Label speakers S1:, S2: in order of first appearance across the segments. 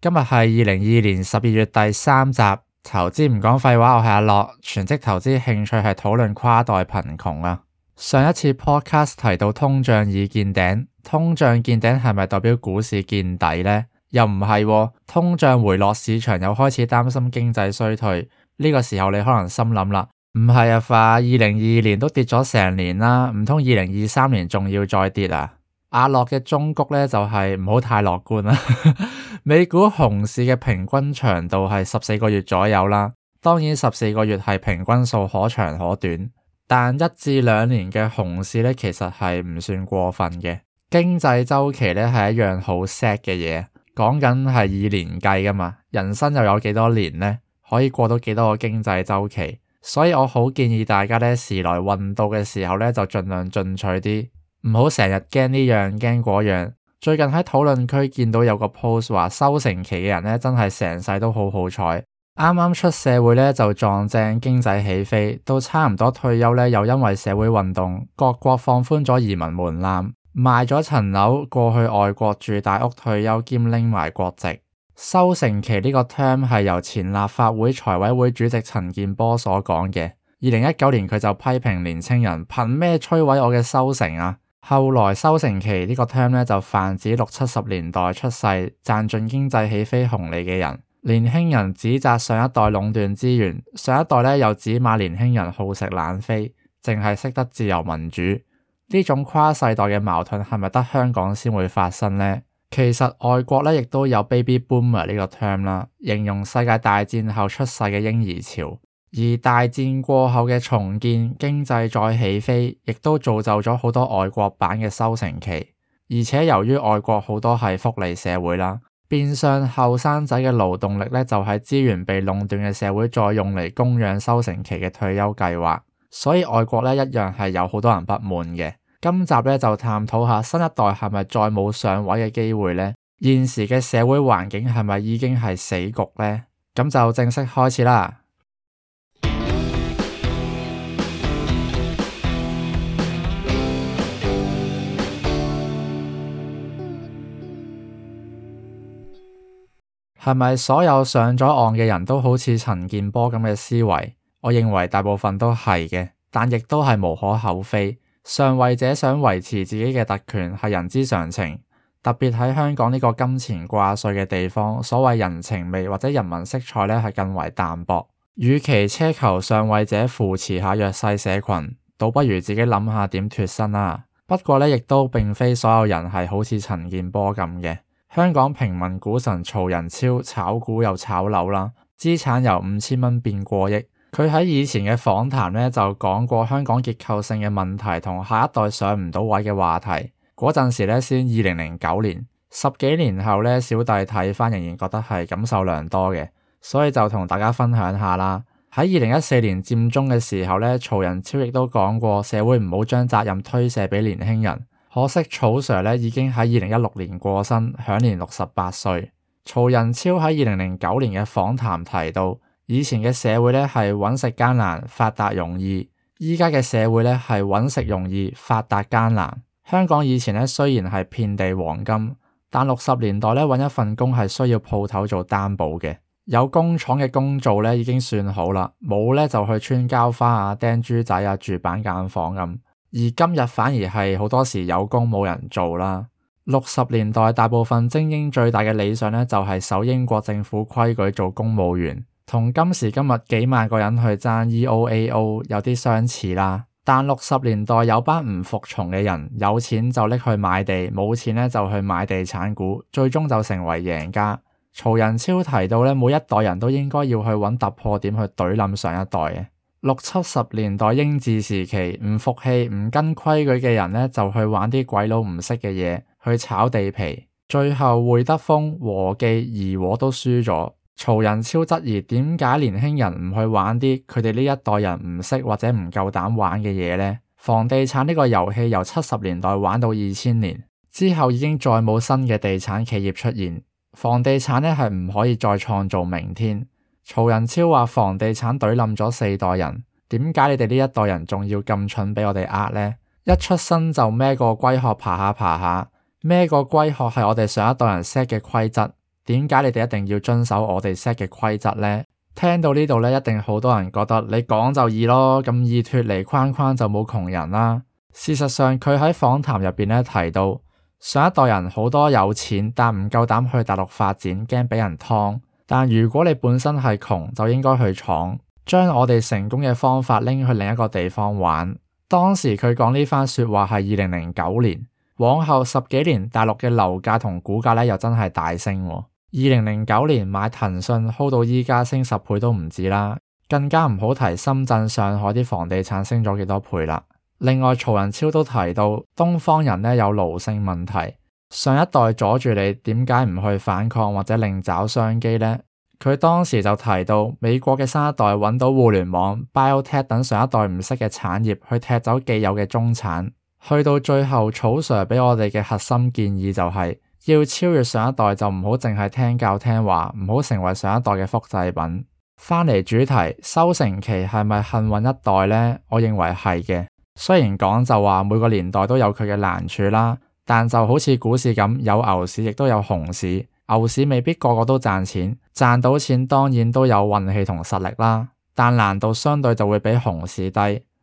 S1: 今日係二零二二年十二月第三集投資唔講廢話，我係阿樂，全職投資興趣係討論跨代貧窮啊。上一次 podcast 提到通脹已見頂，通脹見頂係咪代表股市見底呢？又唔係，啊，通脹回落，市場又開始擔心經濟衰退。呢、這個時候你可能心諗啦，唔係啊，二零二二年都跌咗成年啦，啊，唔通二零二三年仲要再跌啊？阿樂嘅中谷咧就係唔好太樂觀啦， 美股熊市嘅平均長度係十四個月左右啦。當然十四個月係平均數，可長可短。但一至兩年嘅熊市咧，其實係唔算過分嘅。經濟周期咧係一樣好 set 嘅嘢，講緊係以年計噶嘛。人生又有幾多年咧？可以過到幾多個經濟周期？所以我好建議大家咧，時來運到嘅時候咧，就盡量進取啲。唔好成日驚呢樣驚嗰樣。最近喺討論區見到有個 post 話，收成期嘅人真係成世都好好彩。啱啱出社會呢就撞正經濟起飛，到差唔多退休呢又因為社會運動，各國放寬咗移民門檻，賣咗層樓過去外國住大屋退休，兼拎埋國籍。收成期呢個 term 係由前立法會財委會主席陳建波所講嘅。二零一九年佢就批評年輕人憑咩摧毀我嘅收成啊？後來收成期呢、這個 term 呢，就泛指六七十年代出世賺盡經濟起飛紅利嘅人。年輕人指責上一代壟斷資源，上一代呢又指罵年輕人好食懶飛，淨係識得自由民主。呢種跨世代嘅矛盾係咪得香港先會發生呢？其實外國呢，亦都有 baby boomer 呢個 term 啦，形容世界大戰後出世嘅嬰兒潮。而大戰過後嘅重建，經濟再起飛，亦都造就咗好多外國版嘅收成期。而且由於外國好多係福利社會啦，變相後生仔嘅勞動力咧就喺資源被壟斷嘅社會再用嚟供養收成期嘅退休計劃，所以外國咧一樣係有好多人不滿嘅。今集咧就探討下新一代係咪再冇上位嘅機會咧？現時嘅社會環境係咪已經係死局咧？咁就正式開始啦！係咪所有上咗岸嘅人都好似陳健波咁嘅思維？我認為大部分都係嘅，但亦都係無可厚非。上位者想維持自己嘅特權係人之常情，特別喺香港呢個金錢掛帥嘅地方，所謂人情味或者人文色彩呢係更為淡薄。與其奢求上位者扶持下弱勢社群，倒不如自己諗下點脫身啦。不過呢，亦都並非所有人係好似陳健波咁嘅。香港平民股神曹仁超，炒股又炒樓啦，資產由五千蚊變過億。佢喺以前嘅訪談呢就講過香港結構性嘅問題同下一代上唔到位嘅話題。嗰陣時呢，先二零零九年，十幾年後呢，小弟睇翻仍然覺得係感受良多嘅，所以就同大家分享下啦。喺二零一四年佔中嘅時候呢，曹仁超亦都講過，社會唔好將責任推卸俾年輕人。可惜曹 sir 已經喺二零一六年過身，享年六十八歲。曹仁超喺二零零九年嘅訪談提到，以前嘅社會咧係揾食艱難，發達容易；依家嘅社會咧係揾食容易，發達艱難。香港以前咧雖然係遍地黃金，但六十年代咧揾一份工係需要鋪頭做擔保嘅，有工廠嘅工做咧已經算好啦，冇咧就去穿膠花啊、釘珠仔啊、住板間房咁。而今日反而係好多時有工冇人做啦。六十年代大部分精英最大嘅理想咧，就係守英國政府規矩做公務員，同今時今日幾萬個人去爭 E O A O 有啲相似啦。但六十年代有班唔服從嘅人，有錢就拎去買地，冇錢咧就去買地產股，最終就成為贏家。曹仁超提到咧，每一代人都應該要去揾突破點去懟冧上一代嘅。六七十年代英治時期，唔服氣、唔跟規矩嘅人呢，就去玩啲鬼佬唔識嘅嘢，去炒地皮，最後會德豐、和記、怡和都輸咗。曹仁超質疑，點解年輕人唔去玩啲佢哋呢一代人唔識或者唔夠膽玩嘅嘢呢？房地產呢個遊戲由七十年代玩到二千年之後，已經再冇新嘅地產企業出現，房地產呢，係唔可以再創造明天。曹仁超話：房地產隊冧咗四代人，點解你哋呢一代人仲要咁蠢俾我哋呃呢？一出生就孭個龜殼爬下爬下，孭個龜殼係我哋上一代人 set 嘅規則，點解你哋一定要遵守我哋 set 嘅規則呢？聽到呢度呢，一定好多人覺得你講就易咯，咁易脫離框框就冇窮人啦、啊。事實上，佢喺訪談入邊呢提到，上一代人好多有錢，但唔夠膽去大陸發展，驚俾人劏。但如果你本身係窮，就應該去闖，將我哋成功嘅方法拎去另一個地方玩。當時佢講呢番說話係二零零九年，往後十幾年，大陸嘅樓價同股價咧又真係大升。二零零九年買騰訊 hold 到依家，升十倍都唔止啦，更加唔好提深圳、上海啲房地產升咗幾多倍啦。另外，曹仁超都提到東方人咧有奴性問題。上一代阻住你，點解唔去反抗或者另找商機呢？佢當時就提到美國嘅新一代揾到互聯網、biotech 等上一代唔識嘅產業，去踢走既有嘅中產。去到最後，曹 Sir 俾我哋嘅核心建議就係要超越上一代，就唔好淨係聽教聽話，唔好成為上一代嘅複製品。翻嚟主題，收成期係咪幸運一代呢？我認為係嘅。雖然講就話每個年代都有佢嘅難處啦。但就好似股市咁，有牛市亦都有熊市。牛市未必個個都賺錢，賺到錢當然都有運氣同實力啦。但難度相對就會比熊市低。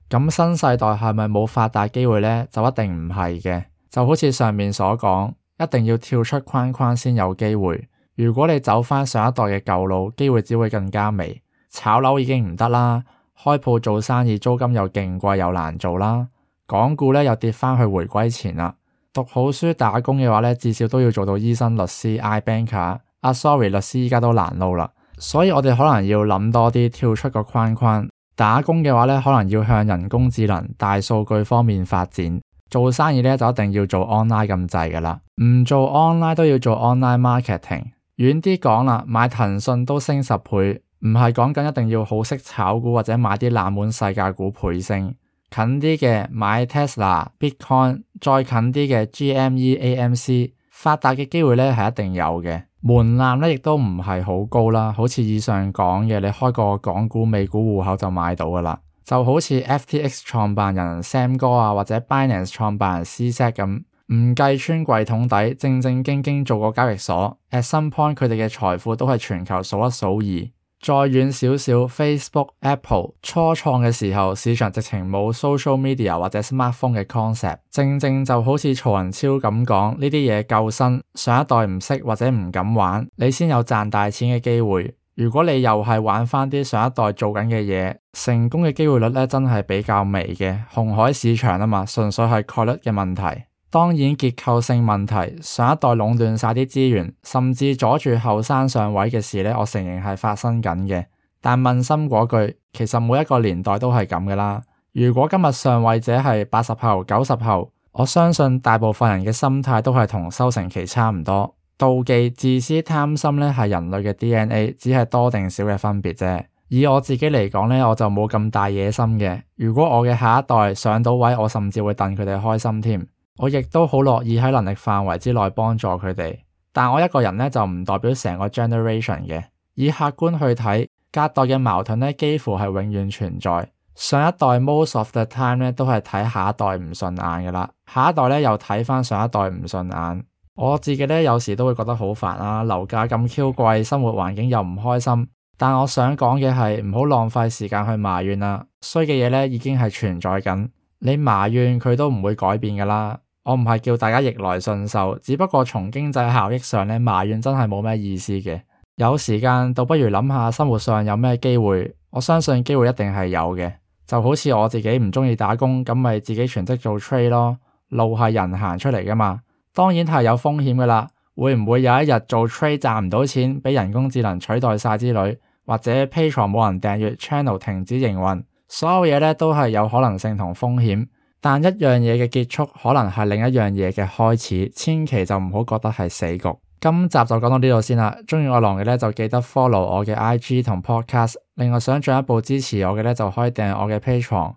S1: 咁新世代係咪冇發達機會咧？就一定唔係嘅。就好似上面所講，一定要跳出框框先有機會。如果你走翻上一代嘅舊路，機會只會更加微。炒樓已經唔得啦，開鋪做生意租金又勁貴又難做啦。港股咧又跌翻去回歸前啦。讀好書打工嘅話咧，至少都要做到醫生、律師、I banker。啊、ah，sorry，律師依家都難路啦，所以我哋可能要諗多啲，跳出個框框。打工嘅話咧，可能要向人工智能、大數據方面發展。做生意呢，就一定要做 online 咁滯噶啦，唔做 online 都要做 online marketing。遠啲講啦，買騰訊都升十倍，唔係講緊一定要好識炒股或者買啲冷門世界股倍升。近啲嘅買 Tesla、Bitcoin，再近啲嘅 GME、AMC，發達嘅機會咧係一定有嘅，門檻咧亦都唔係好高啦。好似以上講嘅，你開個港股、美股戶口就買到噶啦。就好似 FTX 創辦人 Sam 哥啊，或者 Binance 創辦人 CZ 咁，唔計穿櫃桶底，正正經經做個交易所，at some point 佢哋嘅財富都係全球數一數二。再遠少少，Facebook、Apple 初創嘅時候，市場直情冇 social media 或者 smartphone 嘅 concept。正正就好似曹仁超咁講，呢啲嘢夠新，上一代唔識或者唔敢玩，你先有賺大錢嘅機會。如果你又係玩返啲上一代做緊嘅嘢，成功嘅機會率呢真係比較微嘅。紅海市場啊嘛，純粹係概率嘅問題。當然結構性問題，上一代壟斷晒啲資源，甚至阻住後生上位嘅事咧，我承認係發生緊嘅。但問心嗰句，其實每一個年代都係咁噶啦。如果今日上位者係八十後、九十後，我相信大部分人嘅心態都係同收成期差唔多，妒忌、自私、貪心呢係人類嘅 DNA，只係多定少嘅分別啫。以我自己嚟講呢，我就冇咁大野心嘅。如果我嘅下一代上到位，我甚至會戥佢哋開心添。我亦都好樂意喺能力範圍之內幫助佢哋，但我一個人呢，就唔代表成個 generation 嘅。以客觀去睇，隔代嘅矛盾呢幾乎係永遠存在。上一代 most of the time 呢都係睇下一代唔順眼㗎喇，下一代呢又睇返上一代唔順眼。我自己呢，有時都會覺得好煩啦，啊，樓價咁 Q 貴，生活環境又唔開心。但我想講嘅係唔好浪費時間去埋怨啦，啊，衰嘅嘢呢已經係存在緊，你埋怨佢都唔會改變㗎喇。我唔係叫大家逆來順受，只不過從經濟效益上呢，埋怨真係冇咩意思嘅。有時間倒不如諗下生活上有咩機會。我相信機會一定係有嘅，就好似我自己唔中意打工，咁咪自己全職做 trade 咯。路係人行出嚟㗎嘛，當然係有風險㗎啦。會唔會有一日做 trade 賺唔到錢，俾人工智能取代晒之類，或者 Patreon 冇人訂閱 channel 停止營運，所有嘢呢都係有可能性同風險。但一樣嘢嘅結束可能係另一樣嘢嘅開始，千祈就唔好覺得係死局。今集就講到呢度先啦。鍾意我郎嘅咧就記得 follow 我嘅 IG 同 podcast。另外想進一步支持我嘅咧就可以訂我嘅 Patreon。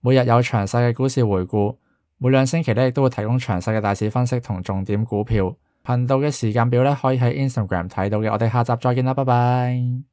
S1: 每日有詳細嘅股市回顧，每兩星期咧亦都會提供詳細嘅大市分析同重點股票。頻道嘅時間表咧可以喺 Instagram 睇到嘅。我哋下集再見啦，拜拜。